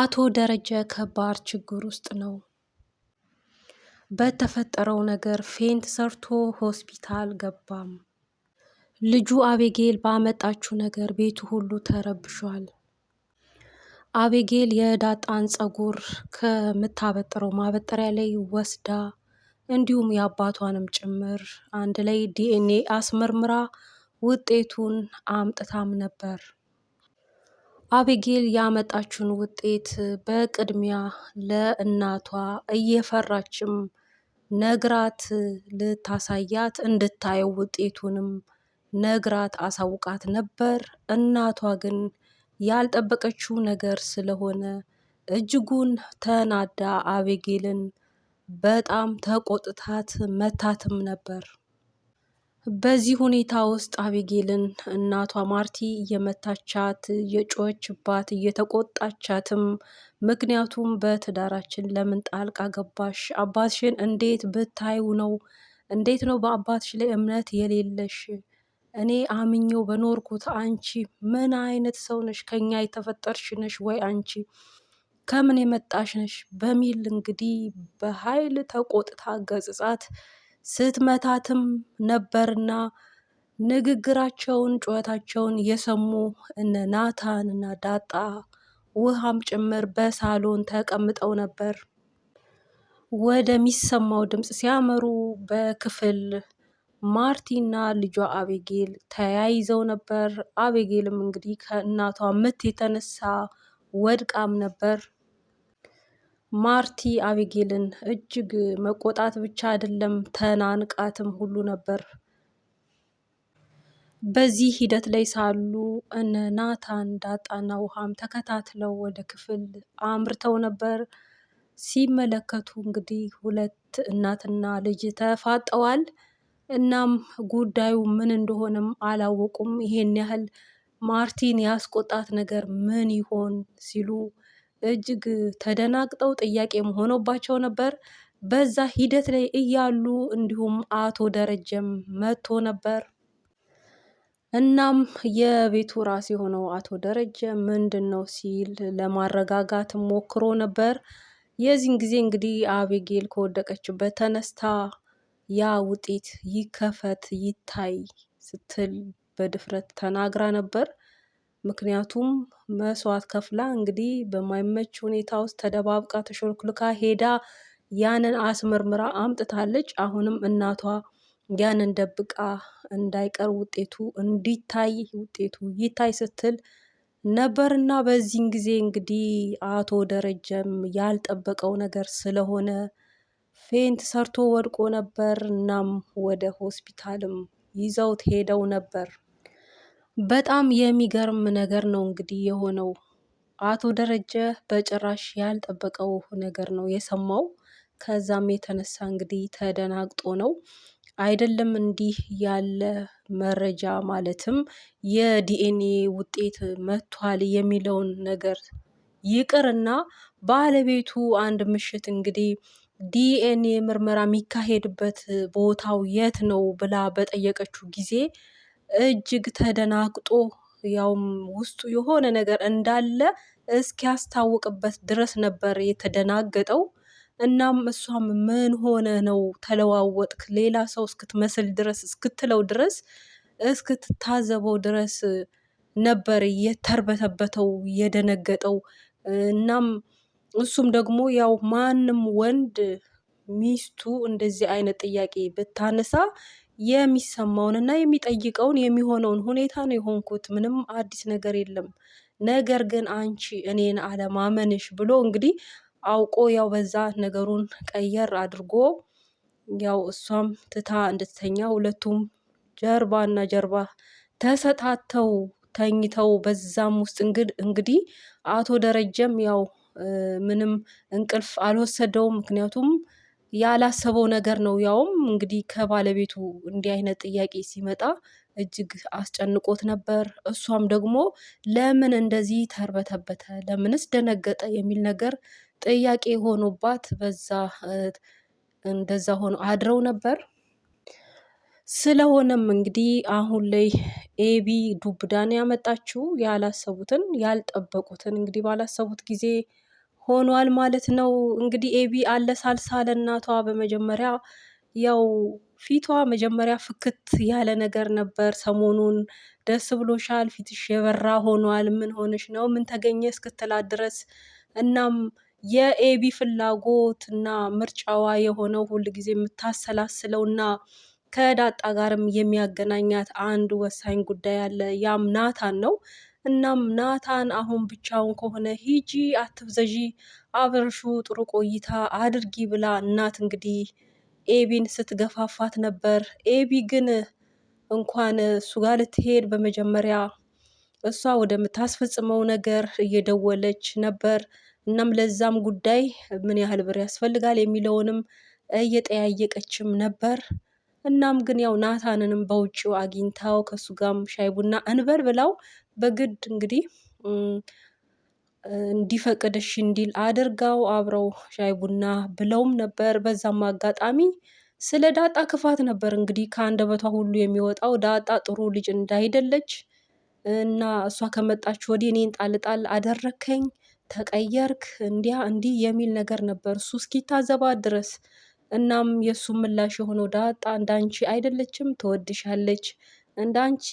አቶ ደረጀ ከባድ ችግር ውስጥ ነው። በተፈጠረው ነገር ፌንት ሰርቶ ሆስፒታል ገባም። ልጁ አቤጌል ባመጣችው ነገር ቤቱ ሁሉ ተረብሿል። አቤጌል የዳጣን ጸጉር ከምታበጥረው ማበጠሪያ ላይ ወስዳ እንዲሁም የአባቷንም ጭምር አንድ ላይ ዲኤንኤ አስመርምራ ውጤቱን አምጥታም ነበር። አቢጌል ያመጣችውን ውጤት በቅድሚያ ለእናቷ እየፈራችም ነግራት ልታሳያት እንድታየው ውጤቱንም ነግራት አሳውቃት ነበር። እናቷ ግን ያልጠበቀችው ነገር ስለሆነ እጅጉን ተናዳ አቤጌልን በጣም ተቆጥታት መታትም ነበር። በዚህ ሁኔታ ውስጥ አቢጌልን እናቷ ማርቲ እየመታቻት እየጮኸችባት እየተቆጣቻትም ምክንያቱም በትዳራችን ለምን ጣልቃ ገባሽ? አባትሽን እንዴት ብታዩ ነው? እንዴት ነው በአባትሽ ላይ እምነት የሌለሽ? እኔ አምኜው በኖርኩት አንቺ ምን አይነት ሰው ነሽ? ከኛ የተፈጠርሽ ነሽ ወይ? አንቺ ከምን የመጣሽ ነሽ? በሚል እንግዲህ በኃይል ተቆጥታ ገጽጻት ስትመታትም ነበርና ንግግራቸውን ጩኸታቸውን የሰሙ እነ ናታን እና ዳጣ ውሃም ጭምር በሳሎን ተቀምጠው ነበር። ወደሚሰማው ድምፅ ሲያመሩ በክፍል ማርቲና ልጇ አቤጌል ተያይዘው ነበር። አቤጌልም እንግዲህ ከእናቷ ምት የተነሳ ወድቃም ነበር። ማርቲ አቢጌልን እጅግ መቆጣት ብቻ አይደለም ተናንቃትም ሁሉ ነበር። በዚህ ሂደት ላይ ሳሉ እነ ናታን ዳጣና ውሃም ተከታትለው ወደ ክፍል አምርተው ነበር። ሲመለከቱ እንግዲህ ሁለት እናትና ልጅ ተፋጠዋል። እናም ጉዳዩ ምን እንደሆነም አላወቁም። ይሄን ያህል ማርቲን ያስቆጣት ነገር ምን ይሆን ሲሉ እጅግ ተደናግጠው ጥያቄም ሆኖባቸው ነበር። በዛ ሂደት ላይ እያሉ እንዲሁም አቶ ደረጀም መጥቶ ነበር። እናም የቤቱ ራስ የሆነው አቶ ደረጀ ምንድን ነው ሲል ለማረጋጋት ሞክሮ ነበር። የዚህን ጊዜ እንግዲህ አቤጌል ከወደቀችበት ተነስታ ያ ውጤት ይከፈት ይታይ ስትል በድፍረት ተናግራ ነበር። ምክንያቱም መስዋዕት ከፍላ እንግዲህ በማይመች ሁኔታ ውስጥ ተደባብቃ ተሾልኩልካ ሄዳ ያንን አስመርምራ አምጥታለች። አሁንም እናቷ ያንን ደብቃ እንዳይቀር ውጤቱ እንዲታይ ውጤቱ ይታይ ስትል ነበር እና በዚህን ጊዜ እንግዲህ አቶ ደረጀም ያልጠበቀው ነገር ስለሆነ ፌንት ሰርቶ ወድቆ ነበር። እናም ወደ ሆስፒታልም ይዘውት ሄደው ነበር። በጣም የሚገርም ነገር ነው እንግዲህ የሆነው። አቶ ደረጀ በጭራሽ ያልጠበቀው ነገር ነው የሰማው። ከዛም የተነሳ እንግዲህ ተደናግጦ ነው አይደለም እንዲህ ያለ መረጃ ማለትም የዲኤንኤ ውጤት መጥቷል የሚለውን ነገር ይቅርና ባለቤቱ አንድ ምሽት እንግዲህ ዲኤንኤ ምርመራ የሚካሄድበት ቦታው የት ነው ብላ በጠየቀችው ጊዜ እጅግ ተደናግጦ ያውም ውስጡ የሆነ ነገር እንዳለ እስኪያስታውቅበት ድረስ ነበር የተደናገጠው። እናም እሷም ምን ሆነ ነው ተለዋወጥክ፣ ሌላ ሰው እስክትመስል ድረስ እስክትለው ድረስ እስክትታዘበው ድረስ ነበር የተርበተበተው የደነገጠው። እናም እሱም ደግሞ ያው ማንም ወንድ ሚስቱ እንደዚህ አይነት ጥያቄ ብታነሳ የሚሰማውን እና የሚጠይቀውን የሚሆነውን ሁኔታ ነው የሆንኩት። ምንም አዲስ ነገር የለም። ነገር ግን አንቺ እኔን አለማመንሽ ብሎ እንግዲህ አውቆ ያው በዛ ነገሩን ቀየር አድርጎ ያው እሷም ትታ እንድትተኛ ሁለቱም እና ጀርባ ተሰታተው ተኝተው በዛም ውስጥ እንግዲህ አቶ ደረጀም ያው ምንም እንቅልፍ አልወሰደውም። ምክንያቱም ያላሰበው ነገር ነው። ያውም እንግዲህ ከባለቤቱ እንዲህ አይነት ጥያቄ ሲመጣ እጅግ አስጨንቆት ነበር። እሷም ደግሞ ለምን እንደዚህ ተርበተበተ፣ ለምንስ ደነገጠ የሚል ነገር ጥያቄ ሆኖባት በዛ እንደዛ ሆኖ አድረው ነበር። ስለሆነም እንግዲህ አሁን ላይ ኤቢ ዱብዳን ያመጣችው ያላሰቡትን ያልጠበቁትን እንግዲህ ባላሰቡት ጊዜ ሆኗል ማለት ነው። እንግዲህ ኤቢ አለ ሳልሳ ለእናቷ በመጀመሪያ ያው ፊቷ መጀመሪያ ፍክት ያለ ነገር ነበር። ሰሞኑን ደስ ብሎሻል፣ ፊትሽ የበራ ሆኗል፣ ምን ሆነሽ ነው፣ ምን ተገኘ እስክትላት ድረስ እናም የኤቢ ፍላጎት እና ምርጫዋ የሆነው ሁል ጊዜ የምታሰላስለው እና ከዳጣ ጋርም የሚያገናኛት አንድ ወሳኝ ጉዳይ አለ። ያም ናታን ነው። እናም ናታን አሁን ብቻውን ከሆነ ሂጂ አትብዘዢ፣ አብርሹ ጥሩ ቆይታ አድርጊ ብላ እናት እንግዲህ ኤቢን ስትገፋፋት ነበር። ኤቢ ግን እንኳን እሱ ጋር ልትሄድ በመጀመሪያ እሷ ወደምታስፈጽመው ነገር እየደወለች ነበር። እናም ለዛም ጉዳይ ምን ያህል ብር ያስፈልጋል የሚለውንም እየጠያየቀችም ነበር። እናም ግን ያው ናታንንም በውጭው አግኝታው ከእሱ ጋም ሻይ ቡና እንበል ብላው በግድ እንግዲህ እንዲፈቅድ እሺ እንዲል አድርጋው አብረው ሻይ ቡና ብለውም ነበር። በዛም አጋጣሚ ስለ ዳጣ ክፋት ነበር እንግዲህ ከአንደበቷ ሁሉ የሚወጣው ዳጣ ጥሩ ልጅ እንዳይደለች እና እሷ ከመጣች ወዲህ እኔን ጣልጣል አደረከኝ ተቀየርክ እንዲያ እንዲህ የሚል ነገር ነበር እሱ እስኪታዘባት ድረስ። እናም የእሱ ምላሽ የሆነው ዳጣ እንዳንቺ አይደለችም ትወድሻለች እንዳንቺ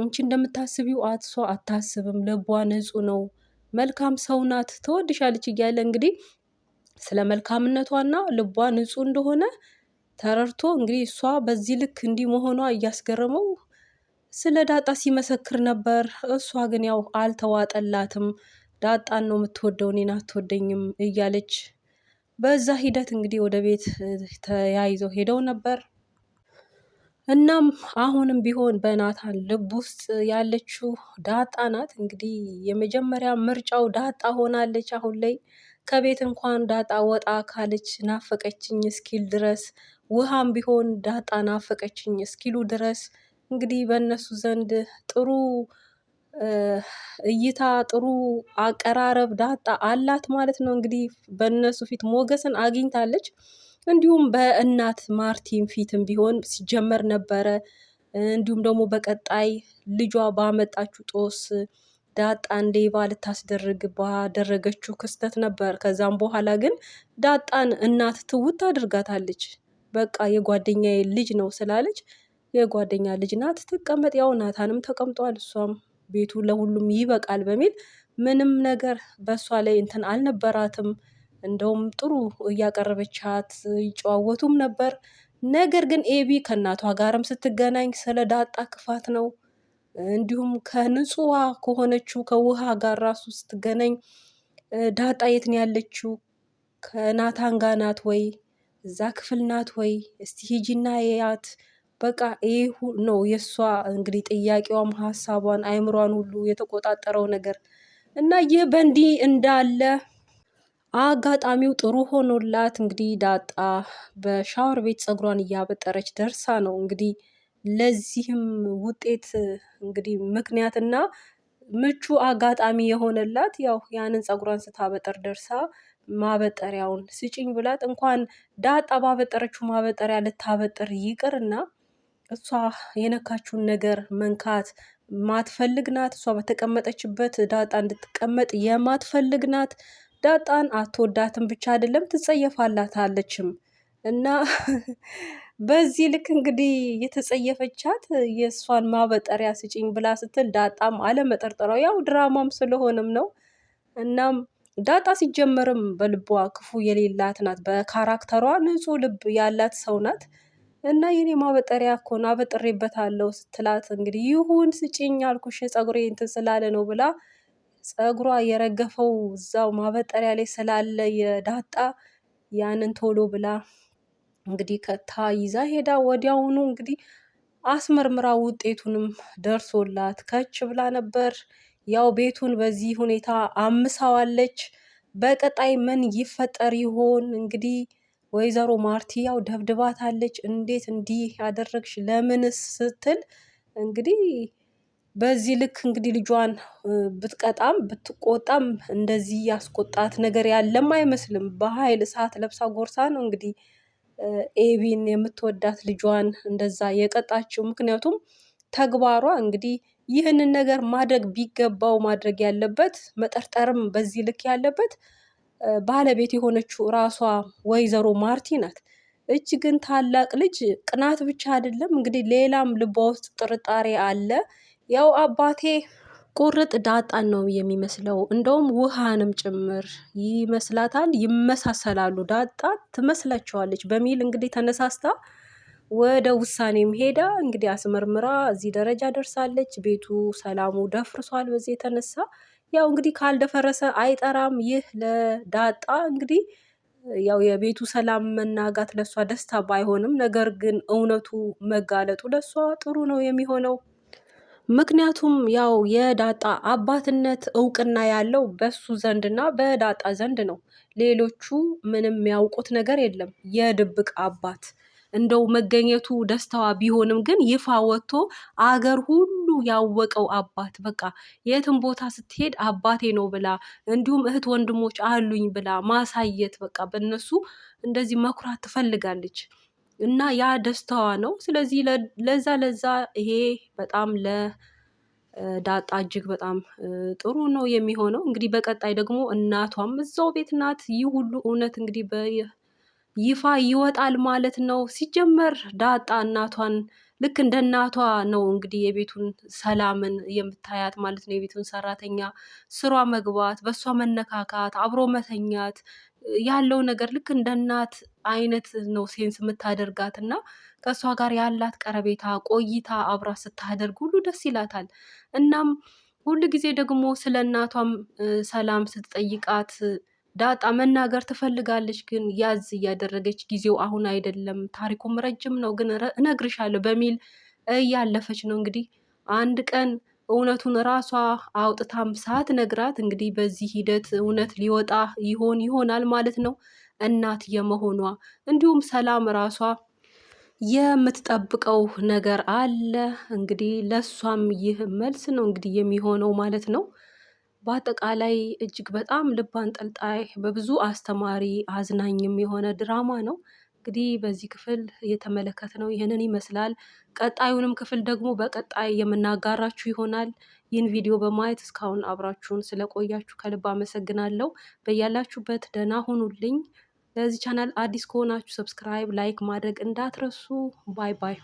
አንቺ እንደምታስቢው አትሶ አታስብም። ልቧ ንጹህ ነው፣ መልካም ሰው ናት፣ ትወድሻለች እያለ እንግዲህ ስለ መልካምነቷና ልቧ ንጹህ እንደሆነ ተረድቶ እንግዲህ እሷ በዚህ ልክ እንዲህ መሆኗ እያስገረመው ስለ ዳጣ ሲመሰክር ነበር። እሷ ግን ያው አልተዋጠላትም። ዳጣን ነው የምትወደው፣ እኔን አትወደኝም እያለች በዛ ሂደት እንግዲህ ወደ ቤት ተያይዘው ሄደው ነበር። እናም አሁንም ቢሆን በናታን ልብ ውስጥ ያለችው ዳጣ ናት። እንግዲህ የመጀመሪያ ምርጫው ዳጣ ሆናለች። አሁን ላይ ከቤት እንኳን ዳጣ ወጣ ካለች ናፈቀችኝ እስኪል ድረስ ውሃም ቢሆን ዳጣ ናፈቀችኝ እስኪሉ ድረስ እንግዲህ በእነሱ ዘንድ ጥሩ እይታ ጥሩ አቀራረብ ዳጣ አላት ማለት ነው። እንግዲህ በእነሱ ፊት ሞገስን አግኝታለች። እንዲሁም በእናት ማርቲን ፊትም ቢሆን ሲጀመር ነበረ። እንዲሁም ደግሞ በቀጣይ ልጇ ባመጣችው ጦስ ዳጣን ሌባ ልታስደርግ ባደረገችው ክስተት ነበር። ከዛም በኋላ ግን ዳጣን እናት ትውት አድርጋታለች። በቃ የጓደኛዬ ልጅ ነው ስላለች የጓደኛ ልጅ ናት ትቀመጥ፣ ያው ናታንም ተቀምጧል፣ እሷም ቤቱ ለሁሉም ይበቃል በሚል ምንም ነገር በእሷ ላይ እንትን አልነበራትም። እንደውም ጥሩ እያቀረበቻት ይጨዋወቱም ነበር። ነገር ግን ኤቢ ከእናቷ ጋርም ስትገናኝ ስለ ዳጣ ክፋት ነው። እንዲሁም ከንጹዋ ከሆነችው ከውሃ ጋር ራሱ ስትገናኝ ዳጣ የት ነው ያለችው? ከናታን ጋር ናት ወይ? እዛ ክፍል ናት ወይ? እስቲ ሂጂና የያት በቃ ይህ ነው የእሷ እንግዲህ ጥያቄዋም ሀሳቧን አይምሯን ሁሉ የተቆጣጠረው ነገር እና ይህ በእንዲህ እንዳለ አጋጣሚው ጥሩ ሆኖላት እንግዲህ ዳጣ በሻወር ቤት ፀጉሯን እያበጠረች ደርሳ ነው እንግዲህ ለዚህም ውጤት እንግዲህ ምክንያትና ምቹ አጋጣሚ የሆነላት ያው ያንን ፀጉሯን ስታበጠር ደርሳ ማበጠሪያውን ስጭኝ ብላት እንኳን ዳጣ ባበጠረችው ማበጠሪያ ልታበጥር ይቅርና እሷ የነካችውን ነገር መንካት ማትፈልግ ናት። እሷ በተቀመጠችበት ዳጣ እንድትቀመጥ የማትፈልግ ናት። ዳጣን አትወዳትም ብቻ አይደለም ትጸየፋላታለችም። እና በዚህ ልክ እንግዲህ የተጸየፈቻት የእሷን ማበጠሪያ ስጭኝ ብላ ስትል ዳጣም አለመጠርጠሯ ያው ድራማም ስለሆነም ነው። እናም ዳጣ ሲጀመርም በልቧ ክፉ የሌላት ናት። በካራክተሯ ንጹሕ ልብ ያላት ሰው ናት። እና የኔ ማበጠሪያ እኮ ነው አበጥሬበታለሁ ስትላት እንግዲህ ይሁን ስጭኝ አልኩሽ ጸጉሬ እንትን ስላለ ነው ብላ ፀጉሯ የረገፈው እዛው ማበጠሪያ ላይ ስላለ የዳጣ ያንን ቶሎ ብላ እንግዲህ ከታ ይዛ ሄዳ ወዲያውኑ እንግዲህ አስመርምራ ውጤቱንም ደርሶላት ከች ብላ ነበር። ያው ቤቱን በዚህ ሁኔታ አምሳዋለች። በቀጣይ ምን ይፈጠር ይሆን እንግዲህ ወይዘሮ ማርቲ ያው ደብድባታለች። እንዴት እንዲህ ያደረግሽ ለምንስ ስትል እንግዲህ በዚህ ልክ እንግዲህ ልጇን ብትቀጣም ብትቆጣም እንደዚህ ያስቆጣት ነገር ያለም አይመስልም። በኃይል እሳት ለብሳ ጎርሳ ነው እንግዲህ ኤቢን የምትወዳት ልጇን እንደዛ የቀጣችው። ምክንያቱም ተግባሯ እንግዲህ ይህንን ነገር ማድረግ ቢገባው ማድረግ ያለበት መጠርጠርም በዚህ ልክ ያለበት ባለቤት የሆነችው ራሷ ወይዘሮ ማርቲ ናት። እች ግን ታላቅ ልጅ ቅናት ብቻ አይደለም እንግዲህ ሌላም ልቧ ውስጥ ጥርጣሬ አለ። ያው አባቴ ቁርጥ ዳጣን ነው የሚመስለው። እንደውም ውሃንም ጭምር ይመስላታል፣ ይመሳሰላሉ። ዳጣ ትመስላቸዋለች በሚል እንግዲህ ተነሳስታ ወደ ውሳኔም ሄዳ እንግዲህ አስመርምራ እዚህ ደረጃ ደርሳለች። ቤቱ ሰላሙ ደፍርሷል። በዚህ የተነሳ ያው እንግዲህ ካልደፈረሰ አይጠራም። ይህ ለዳጣ እንግዲህ ያው የቤቱ ሰላም መናጋት ለሷ ደስታ ባይሆንም፣ ነገር ግን እውነቱ መጋለጡ ለሷ ጥሩ ነው የሚሆነው። ምክንያቱም ያው የዳጣ አባትነት እውቅና ያለው በሱ ዘንድና በዳጣ ዘንድ ነው። ሌሎቹ ምንም የሚያውቁት ነገር የለም። የድብቅ አባት እንደው መገኘቱ ደስታዋ ቢሆንም ግን ይፋ ወጥቶ አገር ሁሉ ያወቀው አባት በቃ የትም ቦታ ስትሄድ አባቴ ነው ብላ እንዲሁም እህት ወንድሞች አሉኝ ብላ ማሳየት በቃ በእነሱ እንደዚህ መኩራት ትፈልጋለች። እና ያ ደስታዋ ነው። ስለዚህ ለዛ ለዛ ይሄ በጣም ለዳጣ እጅግ በጣም ጥሩ ነው የሚሆነው። እንግዲህ በቀጣይ ደግሞ እናቷም እዛው ቤት ናት። ይህ ሁሉ እውነት እንግዲህ በይፋ ይወጣል ማለት ነው። ሲጀመር ዳጣ እናቷን ልክ እንደ እናቷ ነው እንግዲህ የቤቱን ሰላምን የምታያት ማለት ነው። የቤቱን ሰራተኛ ስሯ መግባት፣ በእሷ መነካካት፣ አብሮ መተኛት ያለው ነገር ልክ እንደ እናት አይነት ነው ሴንስ የምታደርጋት እና ከእሷ ጋር ያላት ቀረቤታ ቆይታ አብራ ስታደርግ ሁሉ ደስ ይላታል። እናም ሁሉ ጊዜ ደግሞ ስለ እናቷም ሰላም ስትጠይቃት ዳጣ መናገር ትፈልጋለች፣ ግን ያዝ እያደረገች ጊዜው አሁን አይደለም፣ ታሪኩም ረጅም ነው፣ ግን እነግርሻለሁ በሚል እያለፈች ነው እንግዲህ አንድ ቀን እውነቱን ራሷ አውጥታም ሳትነግራት እንግዲህ በዚህ ሂደት እውነት ሊወጣ ይሆን ይሆናል ማለት ነው። እናት የመሆኗ እንዲሁም ሰላም ራሷ የምትጠብቀው ነገር አለ እንግዲህ ለእሷም ይህ መልስ ነው እንግዲህ የሚሆነው ማለት ነው። በአጠቃላይ እጅግ በጣም ልብ አንጠልጣይ በብዙ አስተማሪ አዝናኝም የሆነ ድራማ ነው። እንግዲህ በዚህ ክፍል እየተመለከት ነው ይህንን ይመስላል። ቀጣዩንም ክፍል ደግሞ በቀጣይ የምናጋራችሁ ይሆናል። ይህን ቪዲዮ በማየት እስካሁን አብራችሁን ስለቆያችሁ ከልብ አመሰግናለሁ። በያላችሁበት ደህና ሁኑልኝ። ለዚህ ቻናል አዲስ ከሆናችሁ ሰብስክራይብ፣ ላይክ ማድረግ እንዳትረሱ። ባይ ባይ።